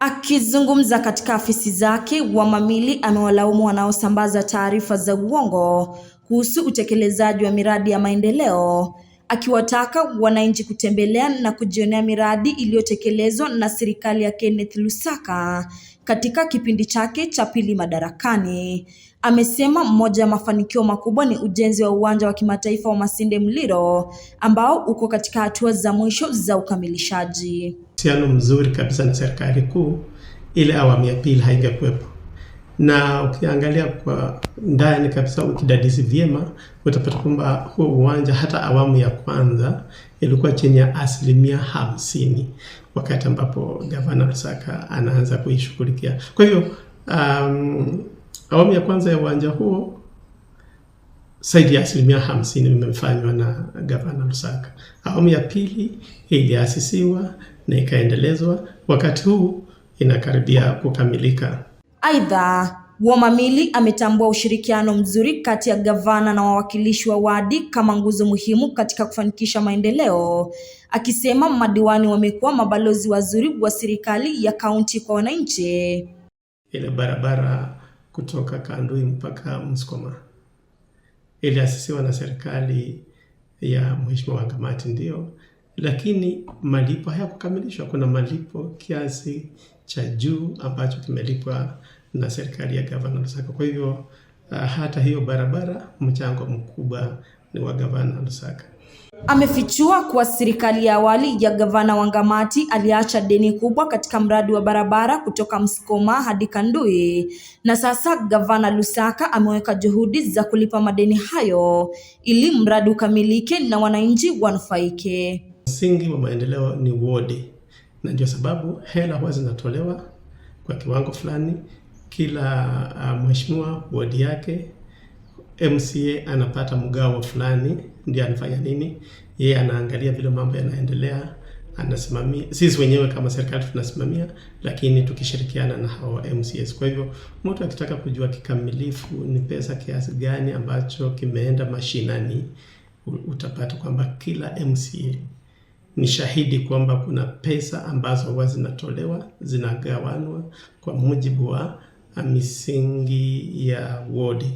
Akizungumza katika afisi zake, Wamamili amewalaumu wanaosambaza taarifa za uongo kuhusu utekelezaji wa miradi ya maendeleo, akiwataka wananchi kutembelea na kujionea miradi iliyotekelezwa na serikali ya Kenneth Lusaka katika kipindi chake cha pili madarakani. Amesema moja ya mafanikio makubwa ni ujenzi wa uwanja wa kimataifa wa Masinde Muliro ambao uko katika hatua za mwisho za ukamilishaji uhusiano mzuri kabisa na serikali kuu, ile awamu ya pili haingekuwepo. Na ukiangalia kwa ndani kabisa, ukidadisi vyema, utapata kwamba huo uwanja hata awamu ya kwanza ilikuwa chini ya asilimia hamsini wakati ambapo gavana Lusaka anaanza kuishughulikia. Kwa hiyo um, awamu ya kwanza ya uwanja huo zaidi ya asilimia hamsini imefanywa na gavana Lusaka. Awamu ya pili iliasisiwa na ikaendelezwa, wakati huu inakaribia kukamilika. Aidha, Wamamili ametambua ushirikiano mzuri kati ya gavana na wawakilishi wa wadi kama nguzo muhimu katika kufanikisha maendeleo, akisema madiwani wamekuwa mabalozi wazuri wa serikali ya kaunti kwa wananchi. Ile barabara kutoka Kandui mpaka Msukuma iliasisiwa na serikali ya Mheshimiwa Kamati, ndio, lakini malipo hayakukamilishwa. Kuna malipo kiasi cha juu ambacho kimelipwa na serikali ya Gavana Lusaka. Kwa hivyo ah, hata hiyo barabara, mchango mkubwa ni wa Gavana Lusaka. Amefichua kuwa serikali ya awali ya gavana wangamati aliacha deni kubwa katika mradi wa barabara kutoka Msukoma hadi Kanduyi, na sasa gavana Lusaka ameweka juhudi za kulipa madeni hayo ili mradi ukamilike na wananchi wanufaike. Msingi wa maendeleo ni wodi, na ndio sababu hela huwa zinatolewa kwa kiwango fulani, kila ah, mheshimiwa wodi yake MCA anapata mgao fulani, ndio anafanya nini? Yeye anaangalia vile mambo yanaendelea, anasimamia. Sisi wenyewe kama serikali tunasimamia, lakini tukishirikiana na hao MCAs. Kwa hivyo mtu akitaka kujua kikamilifu ni pesa kiasi gani ambacho kimeenda mashinani, utapata kwamba kila MCA ni shahidi kwamba kuna pesa ambazo huwa zinatolewa zinagawanwa kwa mujibu wa misingi ya wodi.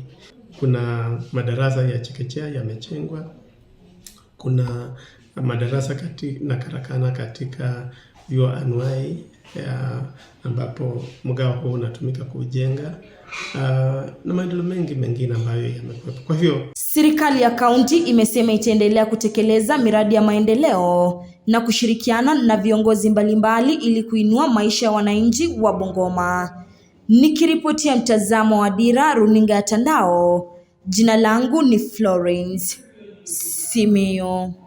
Kuna madarasa ya chekechea yamejengwa, kuna madarasa kati, na karakana katika vyuo anuai ya ambapo mgao huu unatumika kujenga uh, na maendeleo mengi mengine ambayo yamekuwepo. Kwa hivyo serikali ya kaunti imesema itaendelea kutekeleza miradi ya maendeleo na kushirikiana na viongozi mbalimbali ili kuinua maisha ya wananchi wa Bungoma. Nikiripotia mtazamo wa Dira runinga ya Tandao, jina langu ni Florence Simio.